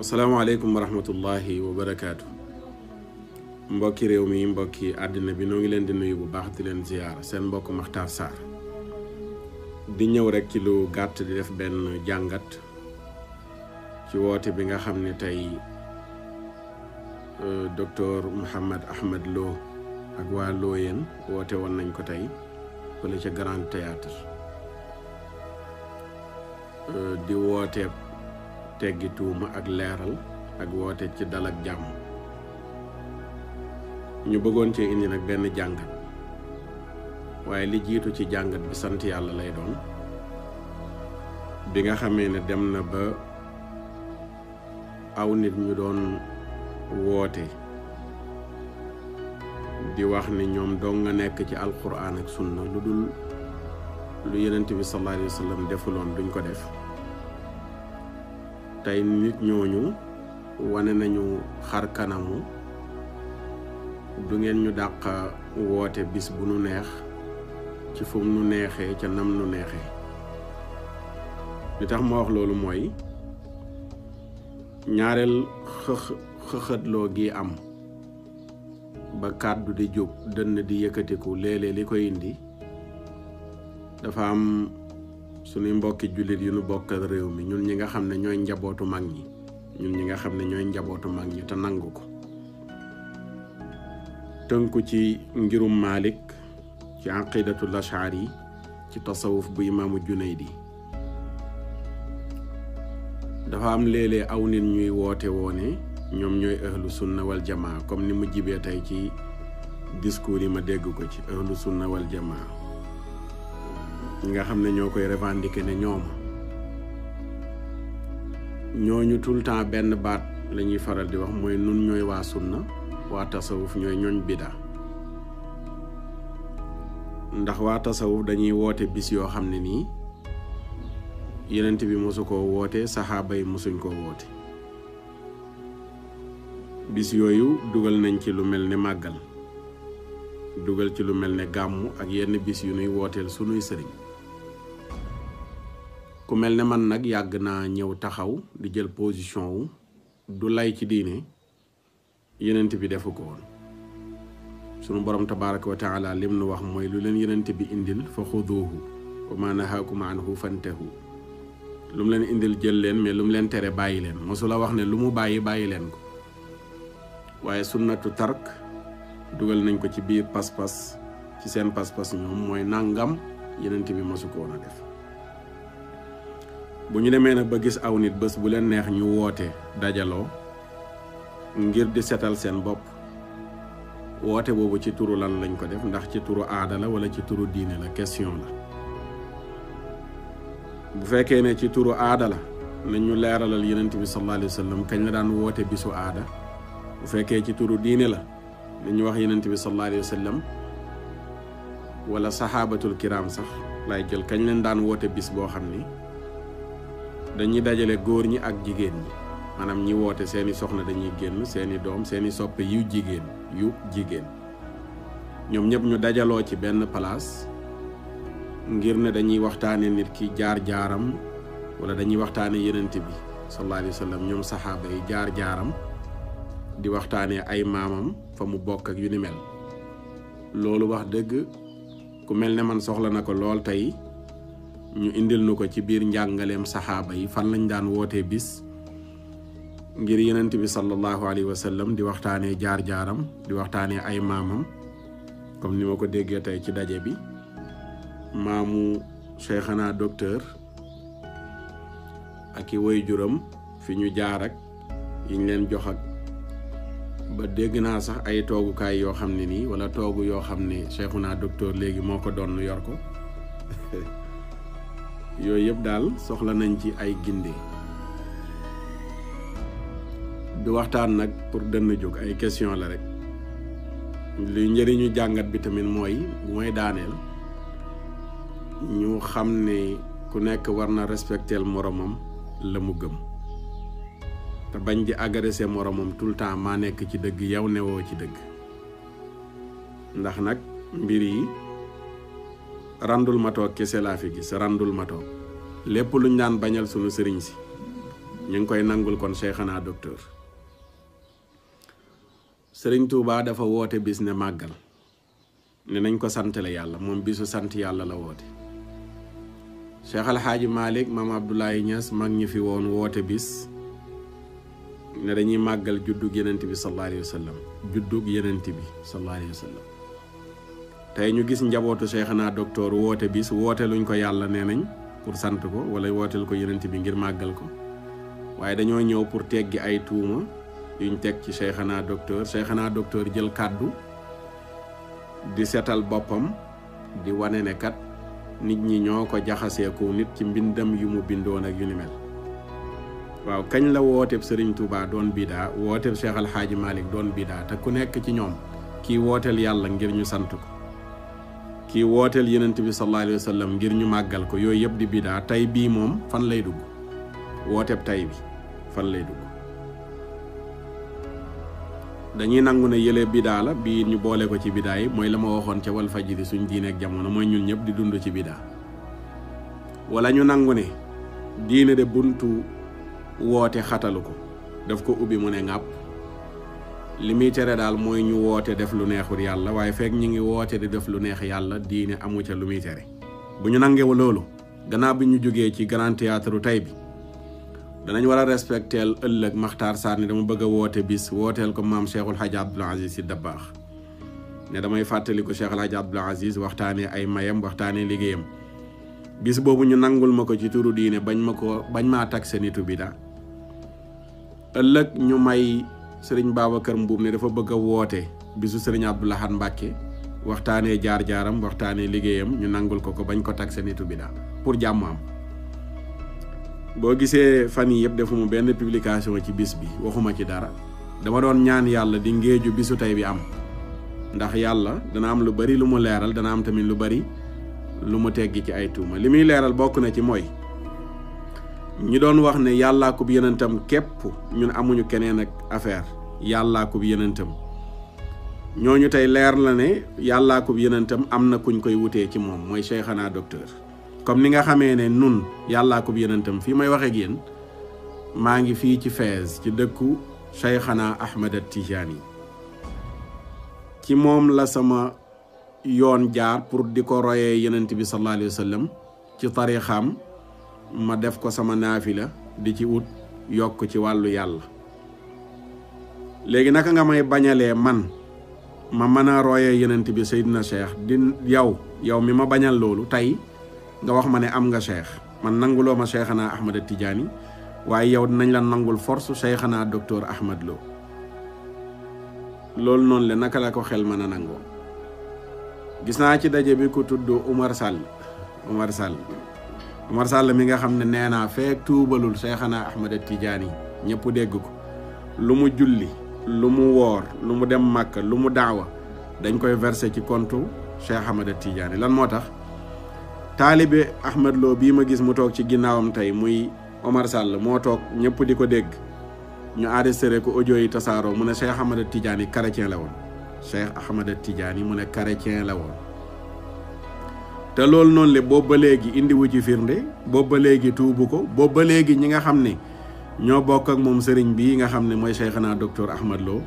asalaamaaleykum wa rahmatullahi wa barakaatu mbokki réew mi mbokki àddina bi noo ngi leen di nuyu bu baax di leen ziyaar seen mbokk Makhtar Sarr di ñëw rekk ci lu gàtt di def benn jàngat ci woote bi nga xam ne tey euh, docteur Mouhammad Ahmad Lo ak waa Looyeen woote woon nañ ko tey fële ca Grand Théâtre euh, di woote teggi tuuma ak leeral ak woote ci dal ak jàmm ñu bëggoon cee indi nag benn jàngat waaye li jiitu ci jàngat bi sant yàlla lay doon bi nga xamee ne dem na ba aw nit ñu doon woote di wax ni ñoom dong nga nekk ci alquran ak sunna lu dul lu yenent bi sallallahu alayhi wa sallam defuloon duñ ko def tey nit ñooñu wane nañu xar kanamu du ngeen ñu dàq woote bis bu nu neex ci fu nu neexee ca nam nu neexee li tax ma wax loolu mooy ñaareel xëx xëxëtloo gi am ba kàddu di jóg dënn di yëkkatiku léeg-léeg li ko indi dafa am suñuy mbokki jullit yu nu bokkal réew mi ñun ñi nga xam ne ñooy njabootu mag ñi ñun ñi nga xam ne ñooy njabootu mag ñi te nangu ko tënku ci ngirum Malik ci aqidatul yi ci tasawuf bu imaamu di dafa am léeg-léeg aw nit ñuy woote woone ñoom ñooy ahlu sunna wal jamaa comme ni mu jibee tey ci discours li ma dégg ko ci ahlu sunna wal jamaa nga xam ne ñoo koy revendiqué ne ñoom ñooñu tout le temps benn baat la ñuy faral di wax mooy nun ñooy waa sunna waa tasawuf ñooy ñooñ bida ndax waa tasawuf dañuy woote bis yoo xam ne nii yenent bi mosu koo woote saxaaba yi mosuñ koo woote bis yooyu dugal nañ ci lu mel ni màggal dugal ci lu mel ne gàmmu ak yenn bis yu nuy wooteel sunuy sëriñ ku mel ni man nag yàgg naa ñëw taxaw di jël position wu du lay ci diine yenent bi defu ko sunu borom tabaraka wa lim nu wax mooy lu leen yenent bi indil fa xuduuhu wa ma nahaakum lu mu leen indil jël leen mais lu mu leen tere bàyyi leen mosula wax ne lu mu bàyyi bàyyi leen ko waaye sunnatu tark dugal nañ ko ci biir pas-pas ci seen pas-pas ñoom mooy nangam yenent bi masu ko a def bu ñu demee nag ba gis aw nit bés bu leen neex ñu woote dajaloo ngir di setal seen bopp woote boobu ci turu lan lañ ko def ndax ci turu aada la wala ci turu diine la question la bu fekkee ne ci turu aada la nañ ñu leeralal yenent bi sallallahu alayhi wa sallam kañ la daan woote bisu aada bu fekkee ci turu diine la dañu wax yonent bi sallallahu alayhi wa wala saxaabatul kiraam sax laay jël kañ leen daan woote bis boo xam ni dañuy dajale góor ñi ak jigéen ñi maanaam ñi woote seeni soxna dañuy génn seeni doom seeni soppe yu jigéen yu jigéen ñoom ñëpp ñu dajaloo ci benn palaas ngir ne dañuy waxtaane nit ki jaar-jaaram wala dañuy waxtaane yonent bi sallallahu alayhi wa ñoom saxaaba yi jaar-jaaram di waxtaanee ay maamam fa mu bokk ak yu ni mel loolu wax dëgg ku mel ni man soxla na ko lool tey ñu indil nu ko ci biir njàngaleem saxaaba yi fan lañu daan wootee bis ngir yenent bi sallallahu alayhi wa sallam di waxtaanee jaar-jaaram di waxtaanee ay maamam comme ni ma ko déggee tey ci daje bi maamu cheikhana docteur ak i woy juram fi ñu jaar ak yiñ leen jox ak ba dégg naa sax ay toogukaay yoo xam ne nii walla toogu yoo xam ne naa docteur léegi moo ko doon yor ko yooyu yëpp daal soxla nañ ci ay gindi du waxtaan nag pour dënn jóg ay question la rek luy njëriñu jàngat bi tamit mooy bu may daaneel ñu xam ni ku nekk war na respecteel moroomam la mu gëm te bañ di agressé moromam tout le temps maa nekk ci dégg yow newoo ci dégg ndax nag mbir yi randul matoo kese laa fi gis randul matoo lépp luñ daan bañal sunu sëriñ si ñu ngi koy nangul kon Cheikhana docteur sëriñ Touba dafa woote bis ne màggal ne nañ ko santale yàlla moom bisu sant yàlla la woote Cheikh Alxaaji Malick maam Abdoulaye Niass mag ñu fi woon woote bis ne dañuy màggal juddug yenent bi sallallahu alayhi wa sallam bi sallallahu alayhi wa tey ñu gis njabootu Cheikhana docteur woote bi bis woote luñ ko yàlla nee nañ pour sant ko wala wooteel ko yenent bi ngir màggal ko waaye dañoo ñëw pour teggi ay tuuma yuñ teg ci Cheikhana docteur Cheikhana docteur jël kàddu di setal boppam di wane ne kat nit ñi ñoo ko jaxaseeku nit ci mbindam yu mu bindoon ak yu ni mel waaw kañ la wooteb sëriñ tuuba doon bida wooteb cheikh alhaaji malik doon bida te ku nekk ci ñoom kii wooteel yàlla ngir ñu sant ko kii wooteel yenent bi sal allah wasallam ngir ñu màggal ko yooyu yëpp di bida tey bii moom fan lay dugg wooteb tey bi fan lay dugg dañuy nangu ne yële bidaa la bii ñu boole ko ci bidaa yi mooy la ma waxoon ca wal fajiri suñ diineeg jamono mooy ñun ñëpp di dund ci bidaa wala ñu nangu ne diine de buntu woote xatalu ko daf ko ubbi mu ne ŋàpp li muy tere daal mooy ñu woote def lu neexul yàlla waaye fekk ñi ngi woote di def lu neex yàlla diine amu ca lu muy bu ñu nangewu loolu gannaaw bi ñu jógee ci grand théâtre tey bi danañ war a respecteel ëllëg Maxtaar Sarr ni dama bëgg a woote bis wooteel ko maam seexul Hadj Abdoul Aziz Sy Dabakh ne damay fàttali ko Cheikh El Hadj Abdoul Aziz waxtaanee ay mayam waxtaanee liggéeyam bis boobu ñu nangul ma ko ci turu diine bañ ma ko bañ maa taxe nitu bida ëllëg ñu may sëriñ kër Mbuub ni dafa bëgg a woote bisu sëriñ Abdou Lahad Mbàkke waxtaanee jaar-jaaram waxtaanee liggéeyam ñu nangul ko ko bañ ko taxe nitu bi daal pour jàmm am boo gisee fan yi yëpp mu benn publication ci bis bi waxuma ci dara dama doon ñaan yàlla di ngéeju bisu tey bi am ndax yàlla dana am lu bari lu mu leeral dana am tamit lu bari lu mu teggi ci ay tuuma li muy leeral bokk na ci mooy ñi doon wax ne yàllaa ko bi yenentam képp ñun amuñu keneen ak affaire yàllaa ko bi yenentam ñooñu tey leer la ne yàllaa ko bi yenentam am na kuñ koy wutee ci moom mooy Cheikhana docteur comme ni nga xamee ne nun yàllaa ko bi yenentam fii may waxee ak maa ngi fii ci Fès ci dëkku Cheikhana Ahmed yi ci moom la sama yoon jaar pour di ko royee yenent bi sallallahu sëlëm wa sallam ci tarixam ma def ko sama naafila di ci wut yokk ci wàllu yàlla léegi naka nga may bañalee man ma mën a royee yenent bi na Cheikh di yow yow mi ma bañal loolu tey nga wax ma ne am nga Cheikh man nanguloo ma Cheikhana Ahmada Tidiane waaye yow dinañ la nangul force Cheikhana docteur Ahmad Lo loolu noonu le naka la ko xel mën a nangoo gis naa ci daje bi ko tudd Umar Sall Umar Sall Omar Sall mi nga xam ne nee naa feek tuubalul Seexana Ahmada Tijaani ñëpp dégg ko lu mu julli lu mu woor lu mu dem màkk lu mu daawa dañ koy verse ci compte Cheikh Ahmada Tijaani lan moo tax taalibe Ahmed Lo bii ma gis mu toog ci ginnaawam tey muy Omar Sall moo toog ñëpp di ko dégg ñu enregistré ko audio yi tasaaroo mu ne Cheikh Ahmada Tijaani chrétien la woon Cheikh Ahmada Tijaani mu ne chrétien la woon te loolu noonu le boobu ba léegi indiwu ci firnde boobu ba léegi tuubu ko boobu ba léegi ñi nga xam ne ñoo bokk ak moom sëriñ bii nga xam ne mooy Cheikhna docteur Ahmad loo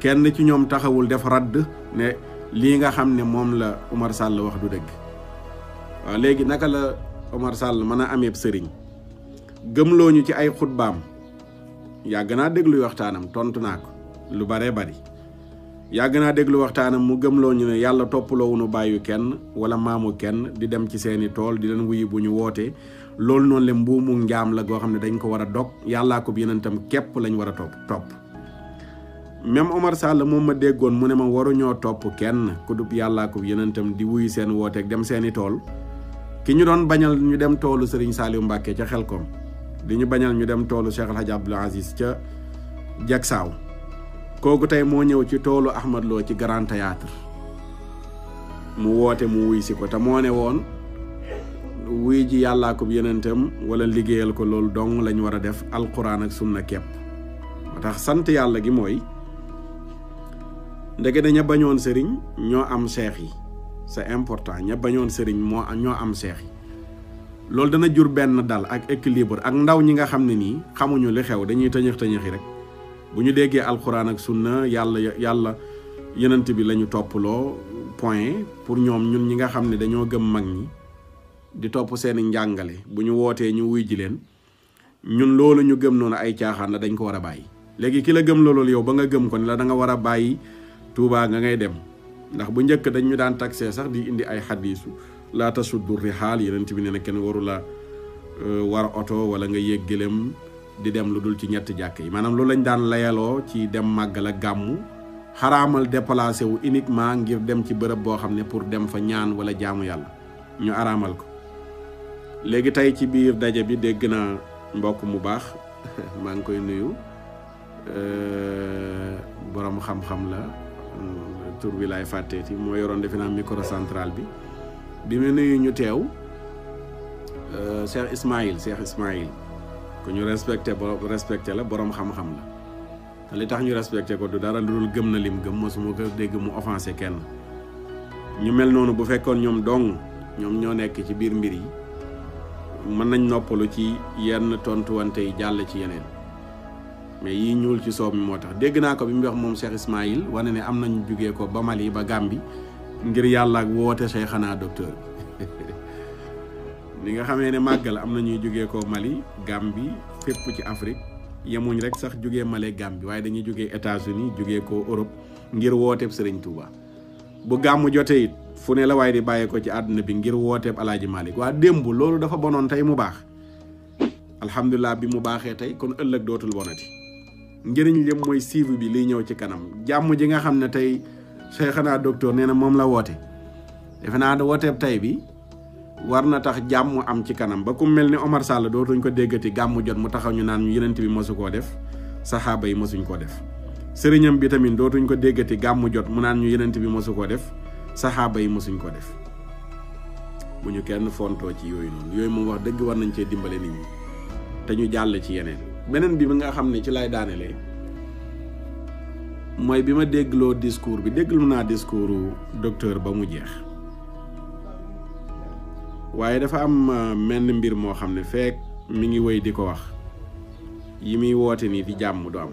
kenn ci ñoom taxawul def radd ne lii nga xam ne moom la Omar Sall wax du dëgg waaw léegi naka la Omar Sall mën a ameeb sëriñ gëmloo ñu ci ay xutbaam yàgg naa déglu waxtaanam tontu naa ko lu baree bari yàgg naa déglu waxtaanam mu gëmloo ñu ne yàlla toppaloo toppaloowunu bàyyu kenn wala maamu kenn di dem ci seeni tool di leen wuyu bu ñu wootee loolu noonu le mbuumu njaam la goo xam ne dañ ko war a dog yàllaa ko yonentam képp lañ war a topp topp même Omar Sall moom ma déggoon mu ne ma ñoo topp kenn ku dub yàllaa ko yonentam di wuyu seen wooteeg dem seeni tool ki ñu doon bañal ñu dem toolu Serigne Saliou Mbacke ca Xelkom di ñu bañal ñu dem toolu Cheikh El Hadj Abdoul Aziz ca Jaksaaw kooku tay mo ñew ci tolu Ahmad Lo ci Grand Théâtre mu wote mu wuy ci ko ta mo ne won wuy ji yalla ko yenentem wala ko lol dong lañ wara def alquran ak sunna kep tax sante yalla gi moy ndege dañu bañoon sëriñ ño am cheikh yi c'est important ña bañoon sëriñ mo ño am cheikh lol dana jur ben dal ak equilibre ak ndaw ñi nga xamni ni xamuñu li xew dañuy tañex rek bu ñu déggee alxuraan ak sunna yàlla yàlla yenant bi lañu ñu topploo point pour ñoom ñun ñi nga xam ne dañoo gëm mag ñi di topp seeni njàngale bu ñu wootee ñu wuy ji leen ñun loolu ñu gëm noonu ay caaxaan la dañ ko war a bàyyi léegi ki la gëm loolu yow ba nga gëm ko ne la da nga war a bàyyi tuubaa nga ngay dem ndax bu njëkk dañ ñu daan taksee sax di indi ay xadiisu laata suddu rixaal yenent bi nee na kenn waru la euh, war oto wala nga yëg gëlem di dem lu ci ñett jakk yi manam lu lañ daan layaloo ci dem màggal ak gàmmu xaraamal déplacé wu uniquement ngir dem ci bërëb boo xam pour dem fa ñaan wala jaamu yàlla ñu araamal ko léegi tey ci biir daje bi dégg naa mbokk mu baax maa ngi koy nuyu borom xam-xam la tur bi laay fàtteeti moo yoroon defe naa micro central bi bi mu nuyu ñu teew cheikh ismail cheikh ismail ku ñu respecté ba respecté la borom xam-xam la te li tax ñu respecté ko du dara lu dul gëm na lim gëm mosuma ko dégg mu offensé kenn ñu mel noonu bu fekkoon ñoom dong ñoom ñoo nekk ci biir mbir yi mën nañ noppalu ci yenn tontuwante yi jàll ci yeneen mais yi ñuul ci soob mi moo tax dégg naa ko bi mu wax moom Cheikh Ismaïl wane ne am nañu jugee ko ba Mali ba Gàmbi ngir yàlla ak woote sey xanaa docteur li nga xamee ne màggal am na ñuy jógee ko Mali Gambie fépp ci Afrique yemuñ rek sax jógee Mali Gambie waaye dañuy jógee États-Unis jógee koo Europe ngir wooteeb Serigne Touba bu gàmmu jotee it fu ne la waaye bàyyee ko ci àdduna bi ngir wooteeb Alaaji Malick waa démb loolu dafa bonoon tey mu baax alhamdulilah bi mu baaxee tey kon ëllëg dootul bonati njëriñ li mooy siivu bi li ñëw ci kanam jàmm ji nga xam ne tey Cheikhana docteur nee na moom la woote defe naa wooteeb tey bi. warna na tax jàmm am ci kanam ba ku mel ni Omar Sall dootuñ ko déggati gàmmu jot mu taxaw ñu naan yenent bi mosu koo def saxaaba yi mosuñ ko def sëriñam bi tamit dootuñ ko déggati gàmmu jot mu naan ñu yenent bi mosu koo def saxaaba yi mosuñ ko def bu ñu kenn fontoo ci yooyu noonu yooyu moom wax dëgg war nañ cee dimbale nit ñi te ñu jàll ci yeneen beneen bi nga xam ne ci lay mooy bi ma déggloo discours bi dégglu naa discoursu docteur ba mu jeex waaye dafa am euh, menn mbir moo xam ne feek mi ngi wéy di ko wax yi muy woote nii di jàmm du am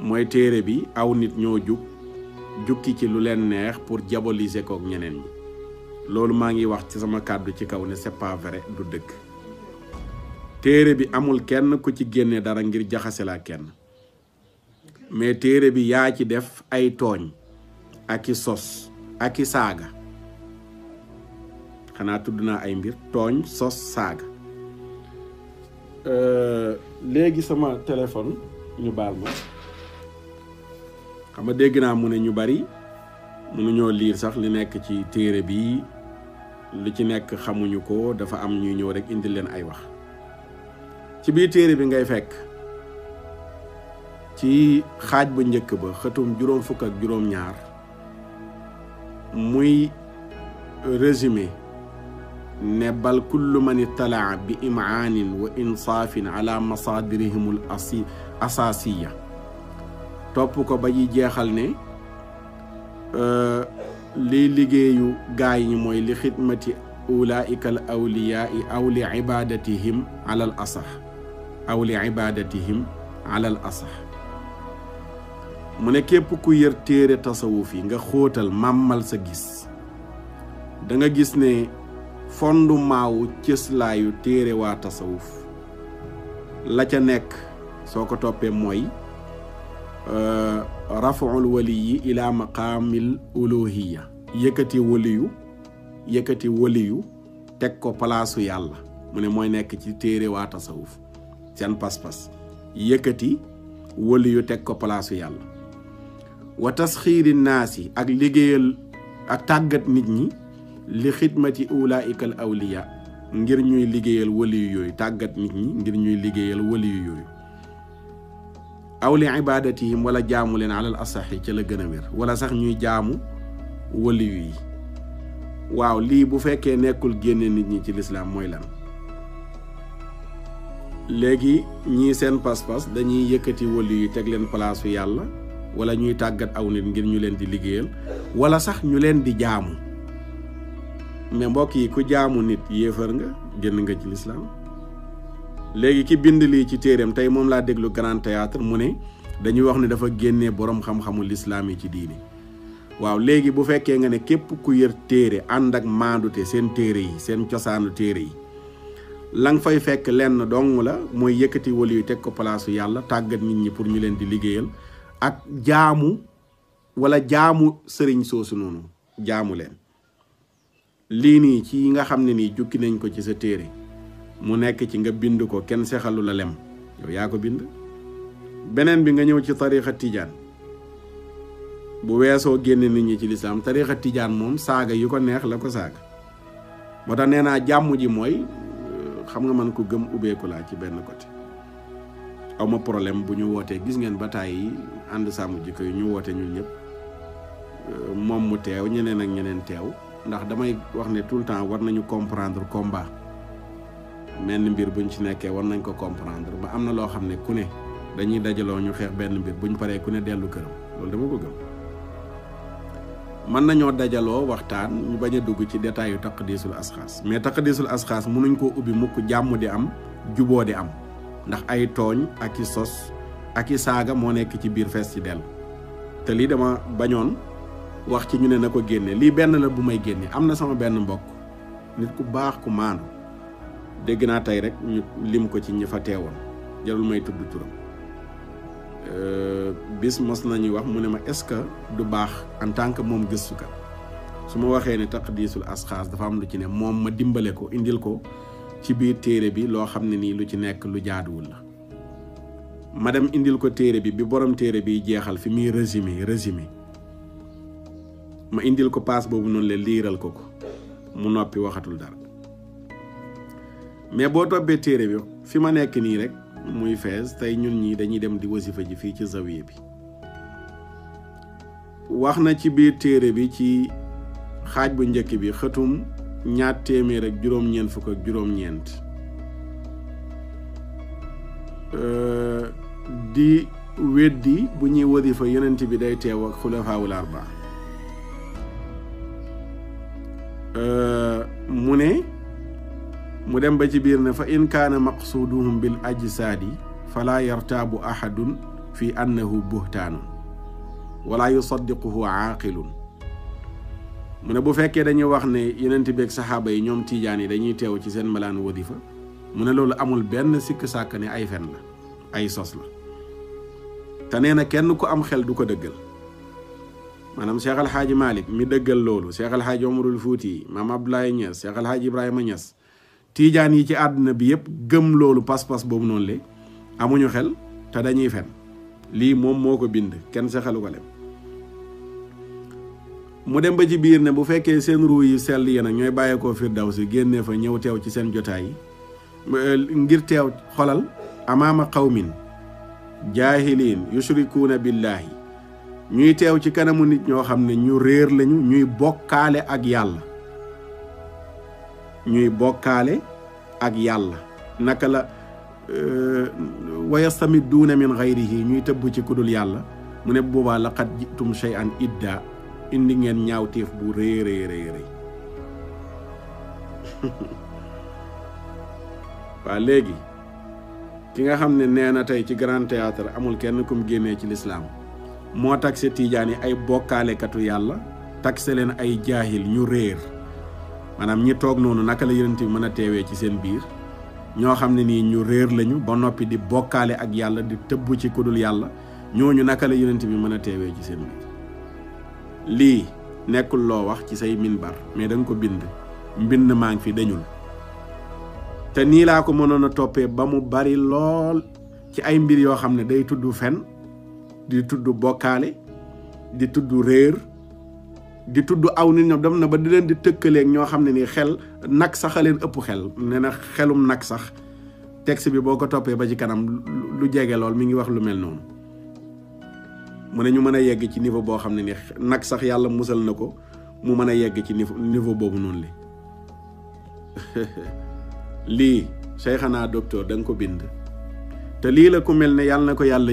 mooy téere bi aw nit ñoo jug jukki ci lu leen neex pour diaboliser kook ñeneen ñi loolu maa ngi wax ci sama kàddu ci kaw ne c'est pas du dëkk téere bi amul kenn ku ci génne dara ngir jaxase laa kenn mais téere bi yaa ci def ay tooñ ak i sos ak i saaga xanaa tudd naa ay mbir tooñ sos saaga euh, léegi sama téléphone ñu baal ma xam nga dégg naa mu ne ñu bari mënuñoo liir sax li nekk ci téere bi li ci nekk xamuñu ko dafa am ñuy ñëw rek indi leen ay wax ci biir téere bi ngay fekk ci xaaj bu njëkk ba xëtum juróom fukk ak juróom ñaar muy résumé ne bal kullu man ittalaca bi imcaanin wa insaafin calaa masaadirihim al asaasiya topp ko ba ji jeexal ne liy liggéeyu gaay ñi mooy li xidmati ulaika al awliyaai aw li cibadatihim ala al asax aw li cibadatihim ala al asax mu ne képp ku yër téere tasawuf yi nga xóotal màmmal sa gis da nga gis ne fondu fondement wu cëslaayu téré wa tasawuf la ca nek soko topé moy euh raf'ul waliyi ila maqamil uluhiyya yekati waliyu yekati waliyu tek ko palaasu yàlla mune moy nek ci téré wa tasawuf seen pas-pas yekati waliyu tek ko palaasu yàlla wa tasxiiri nasi ak liggéeyal ak tagat nit ñi li xidmati ulaika al awliya ngir ñuy liggéeyal waliyu yooyu tàggat nit ñi ngir ñuy liggéeyal waliyu yooyu aw li ibadatihim wala jaamu leen alal asaxi ca la gën a wér wala sax ñuy jaamu waliyu yi waaw lii bu fekkee nekkul génne nit ñi ci lislaam mooy lan léegi ñii seen pas-pas dañuy yëkkati waliyu yi teg leen palaasu yàlla wala ñuy tàggat aw nit ngir ñu leen di liggéeyal wala sax ñu leen di jaamu mais mbokk yi ku jaamu nit yéefar nga génn nga ci lislaam léegi ki bind lii ci téeréem tey moom laa déglu grand théâtre mu ne dañuy wax ne dafa génne boroom xam-xamu lislaam yi ci diini waaw léegi bu fekkee nga ne képp ku yër téere ànd ak maandute seen téere yi seen cosaanu téere yi la fay fekk lenn dong la mooy yëkkati wali yu teg ko palaasu yàlla tàggat nit ñi pour ñu leen di liggéeyal ak jaamu wala jaamu sëriñ soosu noonu jaamu leen lii nii ci yi nga xam ne nii jukki nañ ko ci sa téere mu nekk ci nga bind ko kenn sexalu la lem yow yaa ko bind beneen bi nga ñëw ci tarixa tijaan bu weesoo génne nit ñi ci lislaam tarixa tijaan moom saaga yu ko neex la ko saaga moo tax nee naa jàmm ji mooy euh, xam nga man ko gëm ubbeeku laa ci benn côté aw ma problème bu ñu wootee gis ngeen bataay yi ànd sàmm jikko yi ñu woote ñun ñëpp euh, moom mu teew ñeneen ak ñeneen teew ndax damay wax ne tout le temps war nañu comprendre combat menn mbir buñ ci nekkee war nañ ko comprendre ba am na loo xam ne ku ne dañuy dajaloo ñu xeex benn mbir buñ paree ku ne dellu këram loolu dama ko gëm mën nañoo dajaloo waxtaan ñu bañ a dugg ci détail yu taqdiisul asxaas mais taqdiisul asxaas mënuñ koo ubbi mukk jàmm di am juboo di am ndax ay tooñ ak i sos ak i saaga moo nekk ci biir fees ci dell te lii dama bañoon wax ci ñu ne na ko génne lii benn la bu may génne am na sama benn mbokk nit ku baax ku maandu dégg naa tey rek ñu lim ko ci ñi fa teewoon jarul may tudd turam euh, bis mos nañuy wax mu ne ma est-ce que du baax en tant que moom gëstukat su ma waxee ne taqdiisul asxaas dafa am lu ci ne moom ma dimbale ko indil ko ci biir téere bi loo xam ne nii lu ci nekk lu jaaduwul la ma dem indil ko téere bi bi borom téere bi jeexal fi muy résumé résumé ma indil ko paas boobu noonu leen liiral ko ko mu noppi waxatul dara mais boo toppee téere bi fi ma nekk nii rek muy fees tey ñun ñii dañuy dem di wasifa ji fii ci zawiya bi wax na ci biir téere bi ci xaaj bu njëkk bi xëtum ñaat téeméer ak juróom-ñeent euh, di weddi bu ñuy wasifa yonent bi day teew ak xulafaawul arba mu ne mu dem ba ci biir ne fa in kaana maqsuduhum bil ajsadi fala yartabu ahadun fi annahu buhtan wala yusaddiquhu aaqilun mu ne bu fekkee dañuy wax ne yenent beeg saxaaba yi ñoom tiijaan yi dañuy teew ci seen malaan wadifa mu ne loolu amul benn sikk sàkk ne ay fen la ay sos la te nee na kenn ku am xel du ko dëggal manam Cheikh Al Hadj Malick mi deugal lolou Cheikh Al Hadj Omarul Fouti mam Abdoulaye Niass Cheikh Al Hadj Ibrahima Niass tidiane yi ci aduna bi yep gëm lolou pass pass bobu non le amuñu xel ta dañuy fen li mom moko bind ken sa xelu ko lem mu dem ba ci bir ne bu fekkee seen ruu yi sell yi nag ñooy fir dawsi genne fa ñëw tew ci sen jotay ngir tew xolal amama qawmin jahilin yushrikuuna billahi ñuy teew ci kanamu nit ñoo xam ne ñu réer lañu ñuy bokkaale ak yàlla ñuy bokkaale ak yàlla naka la euh, wayastamiduuna min xayrihi ñuy tëb ci ku dul yàlla mu ne boobaa laqad jitum shay'an idda indi ngeen ñaawteef bu rëy rëy rëy waa léegi ki nga xam ne nee na tey ci grand théâtre amul kenn kum génnee ci lislaam moo taxe tiijaan yi ay bokkaalekatu yàlla taxe leen ay jaahil ñu réer maanaam ñi toog noonu naka la yonent bi mën a teewee ci seen biir ñoo xam ne nii ñu réer lañu ba noppi di bokkaale ak yàlla di tëbb ci kudul yàlla ñooñu naka la yonent bi mën a teewee ci seen biir lii nekkul loo wax ci say minbar mais da ko bind mbind maa ngi fi dañul te nii laa ko mënoon a toppee ba mu bari lool ci ay mbir yoo xam ne day tudd fen di tuddu bokale di tuddu reer di tuddu aw nit ñom dem na ba di leen di tëkkaleeg ñoo xam ne nii xel nak sax a leen ëpp xel nee na xelum nak sax texte bi boko topé ba ci kanam lu jégué lool mi ngi wax lu mel noonu mune ñu mëna yegg ci niveau bo ni nak sax yalla musal nako mu mëna yegg ci niveau bobu li li lii Cheikhana docteur dang ko bind te li la ku yalla nako yalla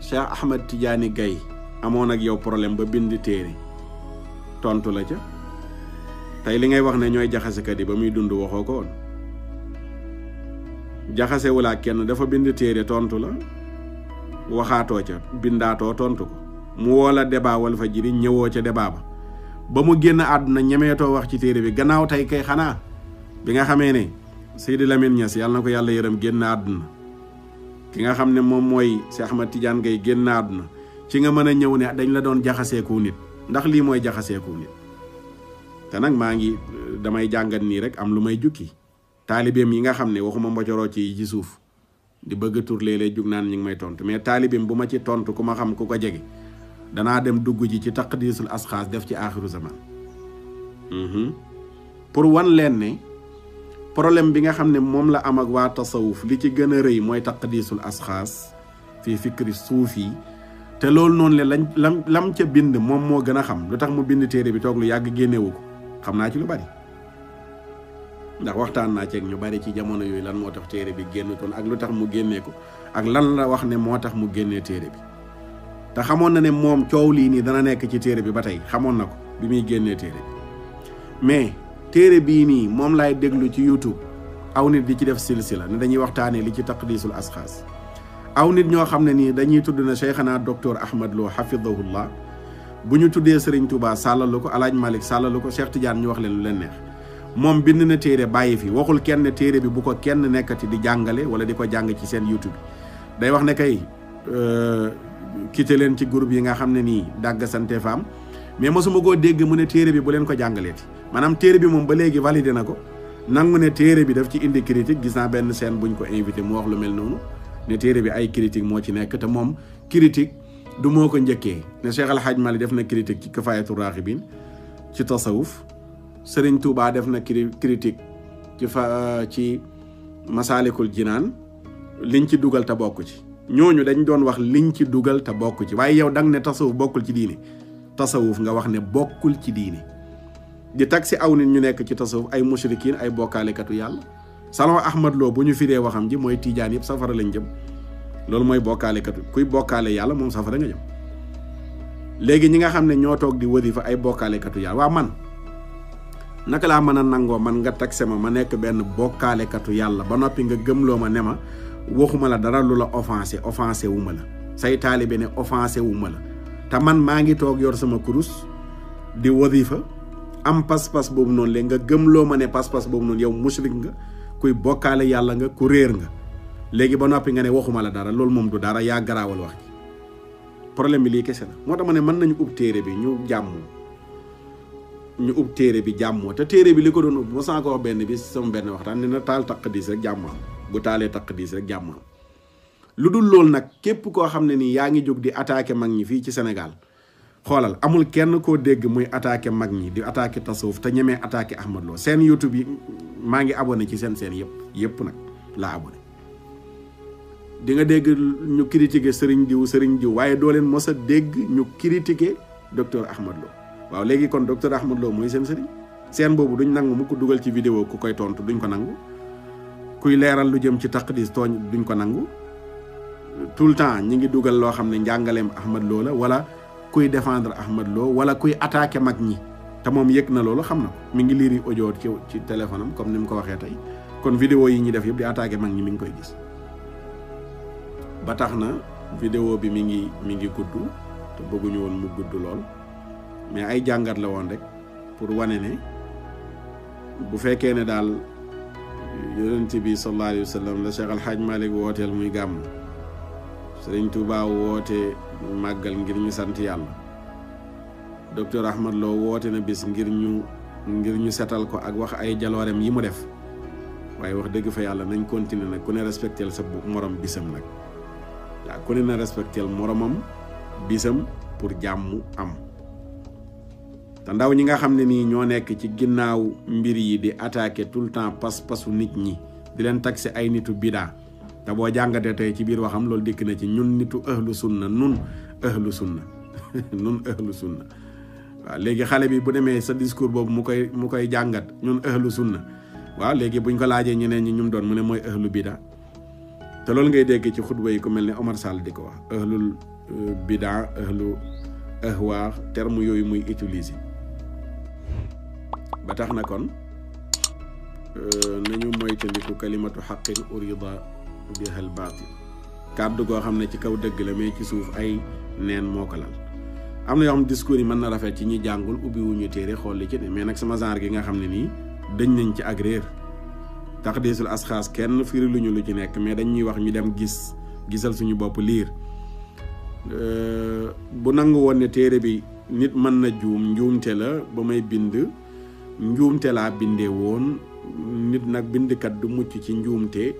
Cheikh Ahmed Tidiane Gaye amoon ak yow problème ba bind téere tontu la ca tey li ngay wax ne ñooy jaxasekat yi ba muy dund waxoo ko woon jaxasewulaa kenn dafa bind téere tontu la waxaatoo ca bindaatoo tontu ko mu woo la débat fa jiri ñëwoo ca débat ba ba mu génn àdduna ñemeetoo wax ci téere bi gannaaw tey kay xanaa bi nga xamee ne Seydi Lamine ñas yàlla na ko yàlla yërëm génn àdduna ki nga xam ne moom mooy Cheikh Ahmad Tidiane Gaye génn na ci nga mën a ñëw ne dañ la doon jaxaseeku nit ndax lii mooy jaxaseeku nit te nag maa ngi eh, damay jàngat nii rek am lu may jukki taalibeem yi nga xam ne waxuma mbocoroo ci ci suuf di bëgg tur léeg-léeg jug naan ñu ngi may tontu mais taalibeem bu ma ci tontu ku ma xam ku ko jege danaa dem dugg ji ci taq taqdiisul asxaas def ci aaxiru zaman mhm. pour wan leen ne. problème bi nga xam ne moom la am ak waa tasawuf li ci gën a rëy mooy taqdiisul asxaas fii fikri suuf yi te loolu noonu le lañ lam lam ca bind moom moo gën a xam lu tax mu bind téere bi toog lu yàgg génnewu ko xam naa ci lu bari ndax waxtaan naa ceeg ñu bari ci jamono yooyu lan moo tax téere bi génn toon ak lu tax mu génnee ko ak lan la wax ne moo tax mu génnee téere bi te xamoon na ne moom coow lii nii dana nekk ci téere bi ba tey xamoon na ko bi muy génnee téere téere bii nii moom laay déglu ci YouTube aw nit di ci def silsila ne dañuy waxtaanee li ci taqdisul asxaas aw nit ñoo xam ne nii dañuy tudd na cheikhana docteur Ahmad Lo hafidahullah bu ñu tuddee Serigne Touba sàllalu ko alaaj Malick sàllalu ko Cheikh Tidiane ñu wax leen lu leen neex moom bind na téere bàyyi fi waxul kenn téere bi bu ko kenn nekkati di jàngale wala di ko jàng ci seen YouTube day wax ne kay kiite euh, leen ci groupe yi nga xam ne nii dàgg sante faam mais mosuma koo dégg mu ne téere bi bu leen ko jàngaleeti maanaam téere bi moom ba léegi validé na ko nangu ne téere bi def ci indi critique gis naa benn scène buñ ko invité mu wax lu mel noonu ne téere bi ay critique moo ci nekk te moom critique du moo ko njëkkee ne Cheikh Al Hadj Mali def na critique ci Kifaayatu Raaxibiin ci tasawuf Serigne Touba def na critique ci fa euh, ci Masaalikul Jinaan liñ ci dugal te bokk ci ñooñu dañ doon wax liñ ci dugal te bokk ci waaye yow dang ne tasawuf bokkul ci diine tasawuf nga wax ne bokkul ci diine di taxi aw nit ñu nekk ci tasawuf ay mushrikin ay katu yàlla ahmad loo bu ñu firee waxam ji mooy tiijaan yëpp safara lañ jëm loolu mooy katu kuy bokkaale yàlla moom safara nga jëm léegi ñi nga xam ne ñoo toog di fa ay katu yàlla waa man naka laa mën a nangoo man nga taxe ma ma nekk benn katu yàlla ba noppi nga gëmloo ma ne ma waxuma la dara lu la offensé offensé wu ma la say taalibe ne offensé wu ma la te man maa ngi yor sama kurus di wadifa am pas-pas boobu noonu léegi nga gëm loo ma ne pas-pas boobu noonu yow musrik nga kuy bokkaale yàlla nga ku réer nga léegi ba noppi nga ne waxuma la dara loolu moom du dara yaa garaawal wax ji problème bi lii kese la moo tax ma ne mën nañu ub téere bi ñu jàmmoo ñu ub téere bi jàmmoo te téere bi li ko doon ub ma saa ko wax benn bi sama benn waxtaan ne na taal taq diis rek jàmmaam bu taalee taq diis rek jàmmaam lu dul loolu nag képp koo xam ne nii yaa ngi jóg di attaquer mag ñi fii ci Sénégal xoolal amul kenn koo dégg muy attaqué mag ñi di attaqué tasawuf te ñemee attaqué Ahmad Lo seen YouTube yi maa ngi abonné ci seen seen yëpp yëpp nag laa abonné di nga dégg ñu critiqué sëriñ diw sëriñ diw waaye doo leen mos a dégg ñu critiqué docteur Ahmad Lo waaw léegi kon docteur Ahmad Lo mooy seen sëriñ seen boobu duñ nangu mu ko dugal ci vidéo ku koy tontu duñ ko nangu kuy leeral lu jëm ci taq taqdis tooñ duñ ko nangu tout le temps ñi ngi dugal loo xam ne njàngaleem Ahmad Lo la wala kuy défendre Ahmad Lo wala kuy attaqué mag ñi te moom yëg na loolu xam na ko mi ngi liiri audio ci ci téléphone comme ni mu ko waxee tey kon video yi ñuy def yëpp di attaqué mag ñi mi ngi koy gis ba tax na vidéo bi mi ngi mi ngi gudd te bëgguñu woon mu gudd lool mais ay jàngat la woon rek pour wane ne bu fekkee ne daal yonent bi sallallahu alayhi wa sallam la Cheikh Al Hadj Malick wooteel muy gàmm Serigne Touba woote. magal ngir ñu sant yalla docteur Ahmad Lo wote na bis ngir ñu ngir ñu setal ko ak wax ay jaloorem yi mu def waye wax deug fa yalla nañ continuer nak ku ne respectel sa morom bisam nak waa ku ne na respectel moromam bisam pour am ta ndaw ñi nga xamne ni ño nek ci ginnaw mbir yi di attaquer tout temps pas passu nit ñi di len taxé ay nitu bidaa te boo jàngatee tey ci biir waxam loolu dikk na ci ñun nitu ahlu sunna nun ahlu sunna nun ahlu sunna waaw léegi xale bi bu demee sa discours boobu mu koy mu koy jàngat ñun ahlu sunna waaw léegi buñ ko laajee ñeneen ñi ñum doon mu ne mooy ahlu bida te loolu ngay dégg ci xutba yi ku mel ne Omar Sall di ko wax ahlul euh, bida ahlu ahwa terme yooyu muy utiliser ba tax na kon euh, nañu moytandiku kalimatu xaqin urida bihal baatil kàddu goo xam ne ci kaw dëgg la mais ci suuf ay neen moo la am na yoo xam discours yi mën na rafet ci ñi jàngul ubbi ñu téere xool li ci ne mais nag sama genre gi nga xam ne nii dëñ nañ ci ak réer taxdiisul asxaas kenn firi luñu lu ci nekk mais dañ wax ñu dem gis gisal suñu bopp liir bu nangu woon ne téere bi nit mën na juum njuumte la ba may bind njuumte laa bindee woon nit nag bind kat du mucc ci njuumte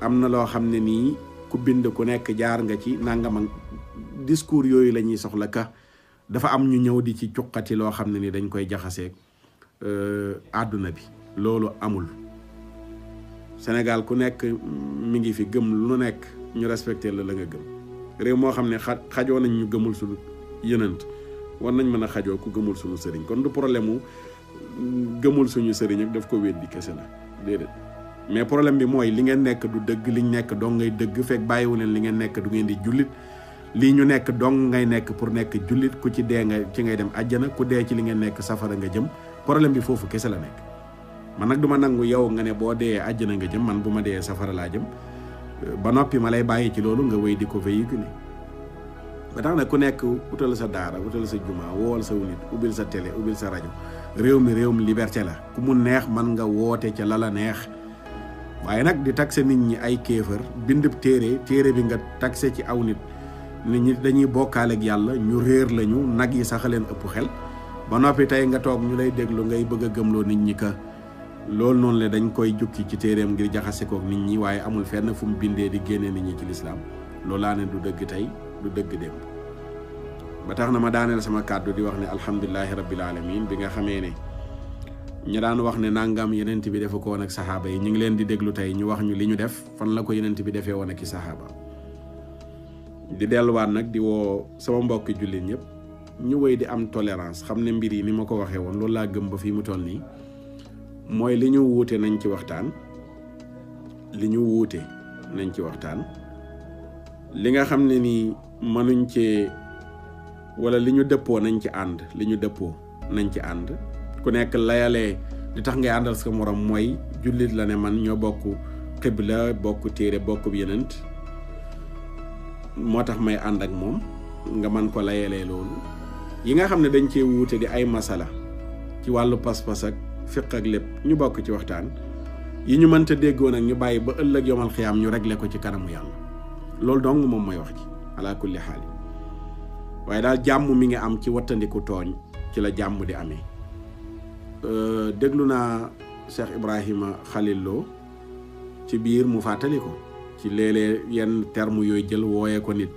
am na loo xam ne nii ku bind ku nekk jaar nga ci nangama discours yooyu lañuy soxla ka dafa am ñu ñëw di ci cuqati loo xam ne nii dañ koy jaxaseeg euh, àdduna bi loolu amul Sénégal ku nekk mu ngi fi gëm lu nekk ñu respecté la la nga gëm réew moo xam ne xajoo nañ ñu gëmul suñu yënant war nañ mën a xajoo ku gëmul suñu sëriñ kon du problème mu gëmul suñu sëriñ ak daf ko weddi kese la mais problème bi mooy li ngeen nekk du dëgg liñ nekk dong ngay dëgg fekk bàyyiwu leen li ngeen nekk du ngeen di jullit li ñu nekk dong ngay nekk pour nekk jullit ku ci dee nga ci ngay dem àjjana ku dee ci li ngeen nekk safara nga jëm problème bi foofu kese la nekk man nag duma nangu yow nga ne boo dee àjjana nga jëm man bu ma dee safara laa jëm ba noppi ma lay ci loolu nga wéy di ko véhiculer ba tax na ku nekk utal sa daara utal sa juma wool sa nit ubbil sa télé ubbil sa rajo réew mi réewum liberté la ku mu neex man nga woote ca la la neex waaye nag di taxe nit ñi ay kéefër bindub téere téere bi nga taxe ci aw nit nit ñi dañuy bokkaale yàlla ñu réer lañu nag yi sax leen ëpp xel ba noppi tey nga toog ñu lay déglu ngay bëgg a gëmloo nit ñi ka loolu noonu la dañ koy jukki ci téereem ngir jaxase kook nit ñi waaye amul fenn fu mu bindee di génnee nit ñi ci lislaam loolu laa du dégg tey du dëgg démb ba tax na ma daaneel sama kàddu di wax ne alhamdulilahi rabbil alamin bi nga xamee ne ñu daan wax ne nangam yenent bi def ko won ak sahaba yi ñi ngi leen di deglu tay ñu wax ñu li ñu def fan la ko yenent bi nyep won ak sahaba di waat nak di wo sama mbokk jullit ñep ñu way di am tolérance xamne mbir yi ni mako waxé won loolu la gëm ba fi mu toll ni moy li ñu wuté nañ ci waxtaan li ñu wuté nañ ci waxtaan li nga xamne ni mënuñ wala li ñu dëppoo nañ ci ànd li ñu nañ ci ànd ku nekk layalee li tax ngay àndal sa moroom mooy jullit la ne man ñoo bokk xibla bokk téere bokk yenent moo tax may ànd ak moom nga man ko layalee loolu yi nga xam ne dañ cee wuute di ay masala ci wàllu pas-pas ak fiq ak lépp ñu bokk ci waxtaan yi ñu mënta déggoo nag ñu bàyyi ba ëllëg yomal xiyaam ñu regle ko ci kanamu yàlla loolu dong moom mooy wax ci ala kulli xaali waaye daal jàmm mi ngi am ci wattandiku tooñ ci la jàmm di amee déglu naa Cheikh Ibrahima Khalil Lo ci biir mu fàttali ko ci léeg-léeg yenn terme yooyu jël wooyee ko nit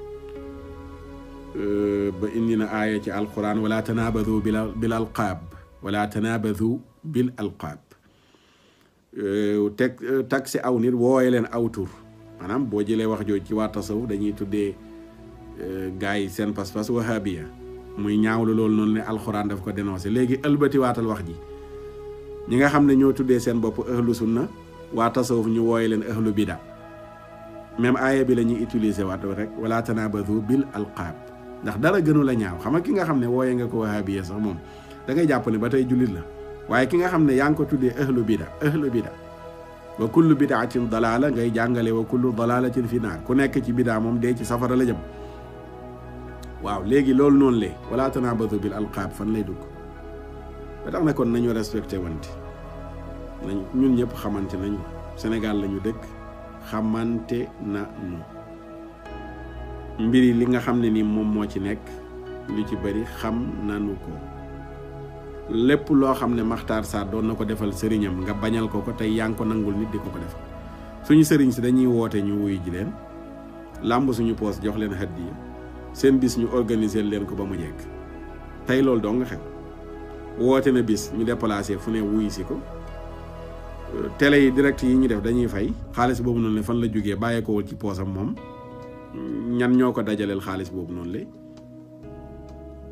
ba indi na aaya ci alquran wala tanaabadu bil bil alqaab wala tanaabadu bil alqaab teg tag si aw nit wooye leen aw tur maanaam boo jëlee wax jooju ci waa tasawuf dañuy tuddee gars yi seen pas-pas wahabiya muy ñaawlu loolu noonu ne alxuraan daf ko dénoncé léegi ëlbati waatal wax ji ñi nga xam ne ñoo tuddee seen bopp ahlu sunna waa tasawuf ñu wooye leen ahlu bida même aaya bi la ñuy utiliser waat rek wala tanabadu bil alqaab ndax dara gënu la ñaaw xam nga ki nga xam ne wooyee nga ko wahabiya sax moom da ngay jàpp ne ba tey jullit la waaye ki nga xam ne yaa ngi ko tuddee ahlu bida ahlu bida wa kullu bidaatin dalaala ngay jàngale wa kullu dalaalatin fi naar ku nekk ci bidaa moom dee ci safara la jëm waaw léegi loolu noonu lee wala tanabadu bil alqaab fan lay dugg ba tax na kon nañu respecté wante nañ ñun ñëpp xamante nañu Sénégal lañu dëkk xamante na ñu mbir yi li nga xam ne ni moom moo ci nekk lu ci bëri xam nanu ko lépp loo xam ne Makhtar saa doon na ko defal sëriñam nga bañal ko ko tey yaa ngi ko nangul nit di ko ko def suñu sëriñ si dañuy woote ñu wuyu ji leen làmb suñu poos jox leen xaddiya seen bis ñu organiser leen ko ba mu jekk tey loolu doo nga xew woote na bis ñu déplacé fu ne wuyu si ko télé yi direct yi ñu def dañuy fay xaalis boobu noonu la fan la jógee bàyyeekoo ci poosam moom ñan ñoo ko dajaleel xaalis boobu noonu la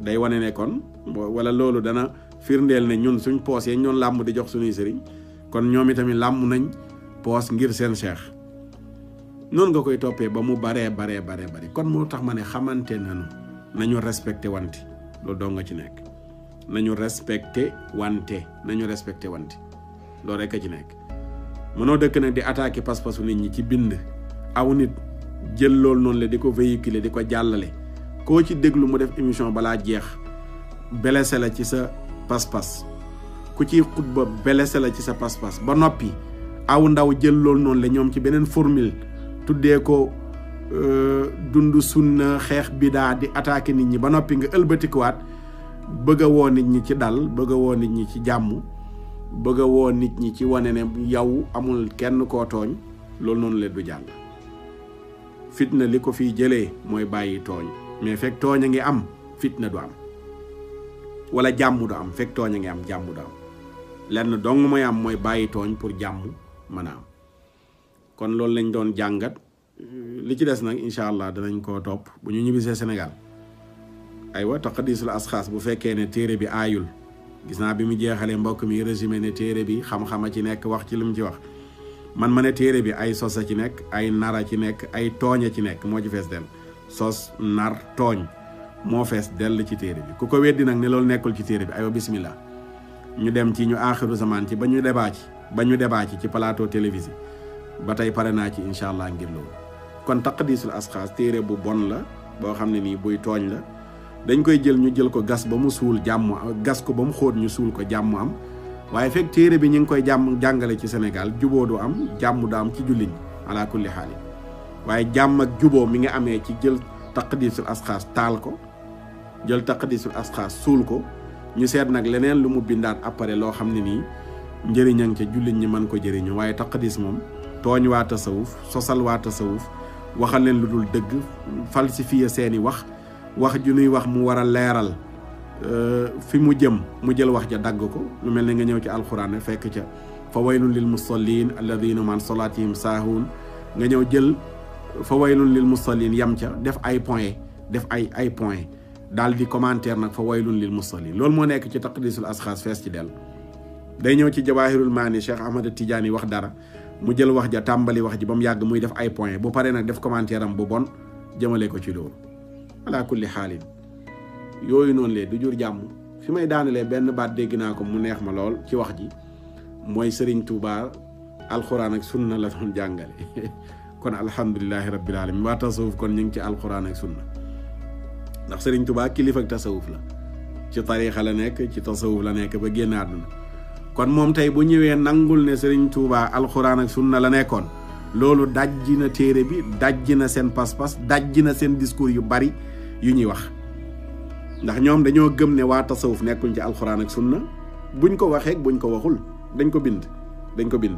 day wane ne kon wala loolu dana firndeel ne ñun suñ poos yi ñoon làmm di jox suñuy sëriñ kon ñoom itamit làmm nañ poos ngir seen cheikh noonu nga koy toppee ba mu baree baree baree bari kon moo tax ma ne xamante nanu nañu respecté wanti loolu doo nga ci nekk nañu respecté wante nañu respecté wante loolu rek a ci nekk mënoo dëkk nag di attaqué pas-pasu nit ñi ci bind aw nit jël lool noonu la di ko véhiculer di ko jàllale koo ci déglu mu def émission balaa jeex blessé la ci sa pas ku ci xutba belese la ci sa pas ba noppi aw ndaw jël loolu noonu la ñoom ci beneen formule tuddee ko euh, dund sunna xeex bidaa di attaqué nit ñi ba noppi nga ëlbatikuwaat bëgg woo nit ñi ci dal bëgg woo nit ñi ci jàmm bëgg woo nit ñi ci wane ne yow amul kenn koo tooñ loolu noonu la du jàll fitna li ko fiy jëlee mooy bàyyi tooñ mais fekk tooñ a ngi am fitna du am wala jàmm du am fekk tooñ ngi am jàmm du lenn dong mooy am mooy bàyyi tooñ pour jàmm mën a am kon loolu lañ doon jàngat mm-hmm. li ci des nag incha allah danañ koo topp bu ñu ñibbisee Sénégal aywa taqdisul asxaas bu fekkee ne téere bi aayul gis naa bi mu jeexalee mbokk mi résumé ne téere bi xam a ci nekk wax ci li mu ci wax man ma ne téere bi ay sos a ci nekk ay nar a ci nekk ay tooña ci nekk moo ci fees dell sos nar tooñ moo fees dell ci téere bi ku ko weddi nag ne loolu nekkul ci téere bi aywa bismillah ñu dem ci ñu aaxiru zaman ci ba ñu debaa ci ba ñu debaa ci ci plateau télévisé ba tey pare naa ci incha allah ngir loolu kon taqdisul asxaas téere bu bon la boo xam ne nii buy tooñ la dañ koy jël ñu jël ko gas ba mu suul jàmm gas ko ba mu xóot ñu suul ko jàmm am waaye fekk téere bi ñu ngi koy jàmm jàngale ci sénégal juboo du am jàmm du am ci ala kulli xaali waaye jàmm ak juboo mi nga amee ci jël taqdisul asxaas taal ko jël taqdisul asxaas suul ko ñu seet nag leneen lu mu bindaat appare loo xam ne nii njëriñang ca jullit ñi man ko jëriñu waaye taqdis moom tooñ waa tasawuf sosal waa tasawuf waxal leen lu dul dëgg falsifier seeni wax wax ju nuy wax mu war a leeral fi mu jëm mu jël wax ja dagg ko lu mel ne nga ñëw ci alquran fekk ca fa waylun lil musallin alladina man salatihim saahuun nga ñëw jël fa waylun lil musallin yam ca def ay point def ay ay point dal di commentaire nag fa waylun lil musallin loolu moo nekk ci taqdisul asxaas fees ci del day ñëw ci jawahirul maani Cheikh Ahmad Tidiane wax dara mu jël wax ja tàmbali wax ji ba mu yàgg muy def ay point bu pare nag def commentaire am bu bon jëmale ko ci loolu على كل حال يوي نون لي دجور جامو في ماي دان لي بن بات دغنا كو مو نيه ما لول كي واخجي موي سيرن توبا القران اك سنه لا دون جانغالي كون الحمد لله رب العالمين وا تصوف كون نينتي القران اك سنه ناخ سيرن توبا كليف اك تصوف لا ci tariixa la nekk ci tasawuf la nekk ba génn àdduna kon moom tey bu ñëwee nangul ne sëriñ tuuba alxuraan ak sunna la nekkoon loolu dajj na téere bi dajj na seen pas-pas dajj na seen yu ñuy wax ndax ñoom dañoo gëm ne waa tasawuf nekkuñ ci alxuraan ak sunna buñ ko waxee buñ ko waxul dañ ko bind dañ ko bind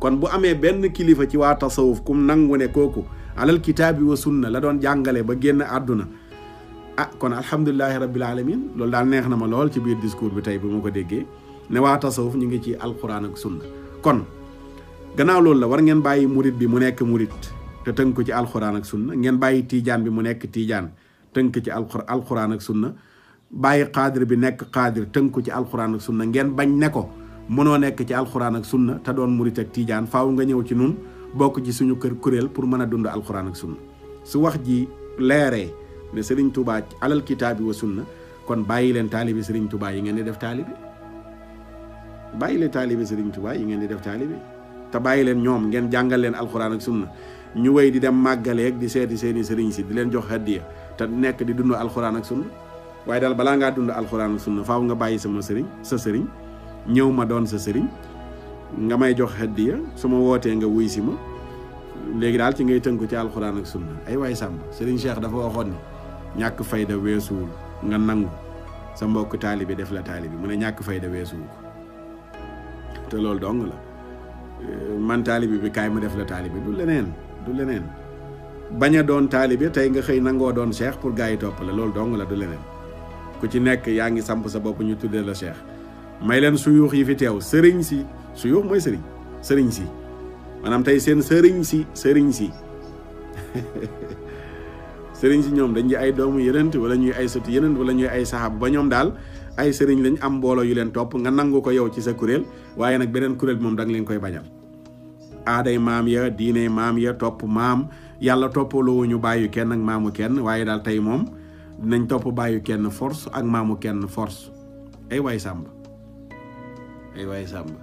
kon bu amee benn kilifa ci waa tasawuf kum nangu ne kooku alal kitaabi wa sunna la doon jàngale ba génn àdduna ah kon alhamdulilahi rabbil alamin loolu daal neex na ma lool ci biir discours bi tey bi ma ko déggee ne waa tasawuf ñu ngi ci alxuraan ak sunna kon gannaaw loolu la war ngeen bàyyi murit bi mu nekk murit te tënk ko ci alxuraan ak sunna ngeen bàyyi tiijaan bi mu nekk tiijaan tënk ci alxur alxuraan ak sunna bàyyi xaadir bi nekk xaadir tënku ci alxuraan ak sunna ngeen bañ ne ko mënoo nekk ci alxuraan ak sunna te doon murit ak tiijaan faaw nga ñëw ci nun bokk ci suñu kër kuréel pour mën a dund alxuraan ak sunna su wax ji leeree ne Serigne Touba alal kitaabi wa sunna kon bàyyi leen taalibi Serigne Touba yi ngeen di def taalibi bàyyi leen taalibi Serigne Touba yi ngeen di def taalibi te bàyyi leen ñoom ngeen jàngal leen alxuraan ak sunna ñu wéy di dem màggaleeg di seeti seeni sëriñ si di leen jox hadiya te nekk di dund alxuraan ak sunna waaye daal balaa ngaa dund alxuraan ak sunna faaw nga bàyyi sama sëriñ sa sëriñ ñëw ma doon sa sëriñ nga may jox hadiya su ma wootee nga wuy si ma léegi daal ci ngay tënku ci alxuraan ak sunna ay waay sàmm sëriñ Cheikh dafa waxoon ni ñàkk fayda weesuwul nga nangu sa mbokk taalibi def la taalibi mu ne ñàkk fayda weesuwu ko te loolu dong la eh, man taalibi bi kaay ma def la taalibi du leneen du leneen bañ a doon taalibe tey nga xëy nangoo doon cheikh pour gars yi topp la loolu dong la du leneen ku ci nekk yaa ngi samp sa bopp ñu tuddee la cheikh may leen suyuux yi fi teew sëriñ si suyuux mooy sëriñ sëriñ si maanaam tey seen sëriñ si sëriñ si sëriñ si ñoom dañ di ay doomu yenent wala ñuy ay sëtu yenent wala ñuy ay saxaab ba daal ay sëriñ lañ am mbooloo yu leen topp nga nangu ko yow ci sa kuréel waaye nag beneen kuréel bi moom da nga leen koy bañam aaday maam ya diine maam ya topp maam yàlla toppaloo ñu bàyyi kenn ak maamu kenn waaye daal tey moom dinañ topp bàyyi kenn force ak maamu kenn force ay waay sàmb ay waay sàmba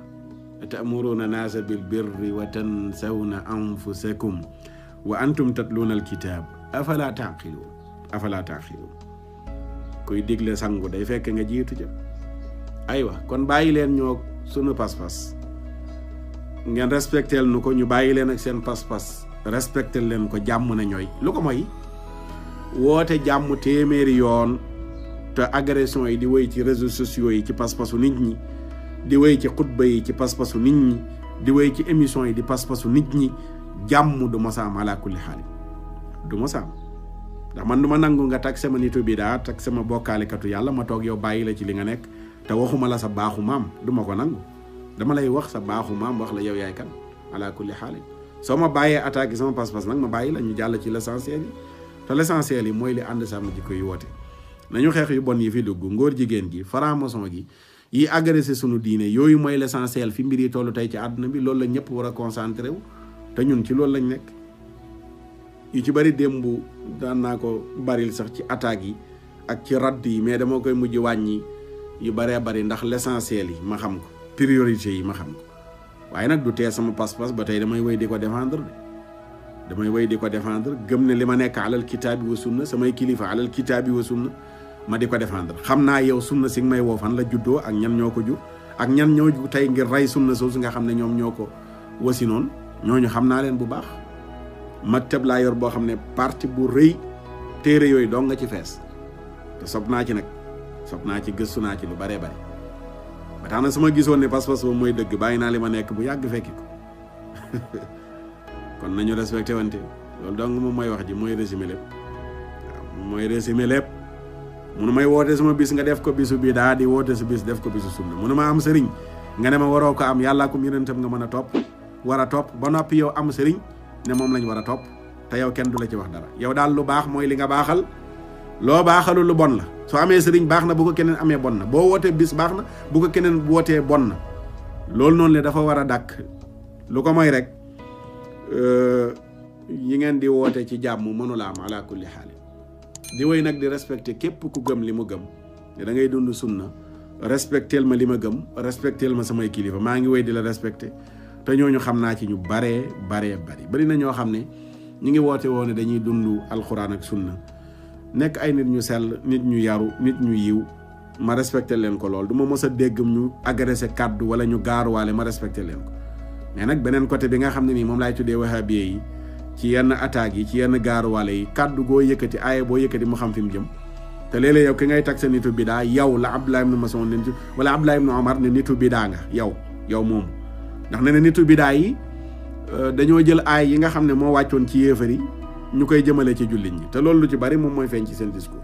atamuruna naasa bil birri wa tansawna anfusakum wa antum tatluuna alkitaab afala taqiluun afala taqiluun kuy digle sangu day fekk nga jiitu ja aywa kon bàyyi leen ñoo sunu pas-pas ngeen respecteel nu ko ñu bàyyi leen ak seen pas-pas respecté leen ko jàmm na ñooy lu ko mooy woote jàmm téeméeri yoon te agression yi di wéy ci réseau sociaux yi ci pas-pasu nit ñi di wéy ci xutba yi ci pas-pasu nit ñi di wéy ci émission yi di pas-pasu nit ñi jàmm du masa am ala kulli du masa am ndax man du ma nangu nga tag sama nitu bi daa tag sama bokkaalikatu yàlla ma toog yow bàyyi la ci li nga nekk te waxuma la sa baaxu maam duma ko nangu dama lay wax sa baaxu maam wax la yow yaay kan ala kulli soo ma bàyyee attaqué sama pas-pas nag ma bàyyi la ñu jàll ci l'essentiel yi te l'essentiel yi mooy li ànd sàmm jikko yi woote nañu xeex yu bon yi fi dugg ngóor jigéen gi franc-maçon gi yi agressé sunu diine yooyu mooy l'essentiel fi mbir yi tollu tey ci àdduna bi loolu la ñëpp war a concentré te ñun ci loolu lañ nekk yu ci bari démb daan naa ko baril sax ci attaques yi ak ci radd yi mais dama koy mujj wàññi yu baree bari ndax l'essentiel yi ma ko priorité yi ma waaye nag du tee sama pas ba tey damay wéy di ko défendre de damay wéy di ko defendre gëm ne li ma nekk alal kitaabi wa sunna samay kilifa alal kitaabi wa sunna ma di ko défendre xam naa yow sunna si nga may woo fan la juddoo ak ñan ñoo ko ju ak ñan ñoo ju tey ngir rey sunna soosu nga xam ne ñoom ñoo ko wasi noonu ñooñu xam naa leen bu baax maktab laa yor boo xam ne parti bu rëy téere yooyu dong nga ci fees te sob naa ci nag sob naa ci gëstu naa ci lu baree bare ba tax na su ma gisoon ne pas-pas boobu mooy dëgg bàyyi naa li ma nekk bu yàgg fekki ko kon nañu respecté wante loolu donc moom mooy wax ji mooy résumé lépp waaw mooy résumé lépp munu may woote sama bis nga def ko bisu bii daa di woote sa bis def ko bisu sunna munu ma am sëriñ nga ne ma waroo ko am yàllaa ko yonentam nga mën a topp war a topp ba noppi yow am sëriñ ne moom lañ war a topp te yow kenn du la ci wax dara yow daal lu baax mooy li nga baaxal loo baaxalu lu bon la soo amee sëriñ baax na bu ko keneen amee bon na boo wootee bis baax na bu ko keneen wootee bon na loolu noonu le dafa war a dàkk lu ko mooy rek yi euh, ngeen di woote ci jàmm mënula am ala kulli di woy nag di respecté képp ku gëm li mu gëm da ngay dund na respecteel ma li ma gëm respecteel ma samay kilifa maa ngi woy di la respecté te ñoo ñu xam naa ci ñu baree baree bari bari na ñoo xam ne ñu ngi woote woone dañuy dund alxuraan ak sunna nekk ay nit ñu sell nit ñu yaru nit ñu yiw ma respecté leen ko lool du ma mës a dégg ñu agressé kàddu wala ñu gaaruwaale ma respecté leen ko mais nag beneen côté bi nga xam ne nii moom laay tuddee wahabiye yi ci yenn attaques yi ci yenn gaaruwaale yi kàddu goo yëkkati aaye boo yëkkati mu xam fi mu jëm te léeg-léeg ki ngay tag sa nitu bidaa yow la Abdullah ibn Mas'ud ne wala Abdullah ibn Omar ne nitu bidaa nga yow yow moomu ndax ne ne nitu bidaa yi euh, dañoo jël aay yi nga xam ne moo wàccoon ci yéefar yi ñu koy jëmalee ci jullit ñi te loolu lu ci bari moom mooy feeñ ci seen discours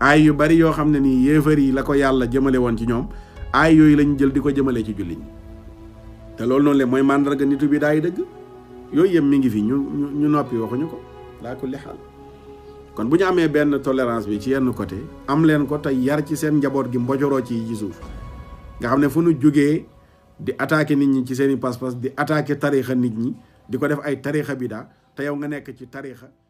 aay yu bari yoo xam ne ni yéefar yi la ko yàlla jëmale woon ci ñoom aay yooyu lañ jël di ko jëmalee ci jullit ñi te loolu noonu le mooy màndarga nitu bi daay dëgg yooyu yëpp mi ngi fi ñu ñu noppi waxuñu ko laa kulli xaal kon bu ñu amee benn tolérance bi ci yenn côté am leen ko te yar ci seen njaboot gi mbojoroo ci ci suuf nga xam ne fu nu jógee di attaquer nit ñi ci seen i pas di attaquer tariixa nit ñi di ko def ay tariixa bida te yow nga nekk ci tariixa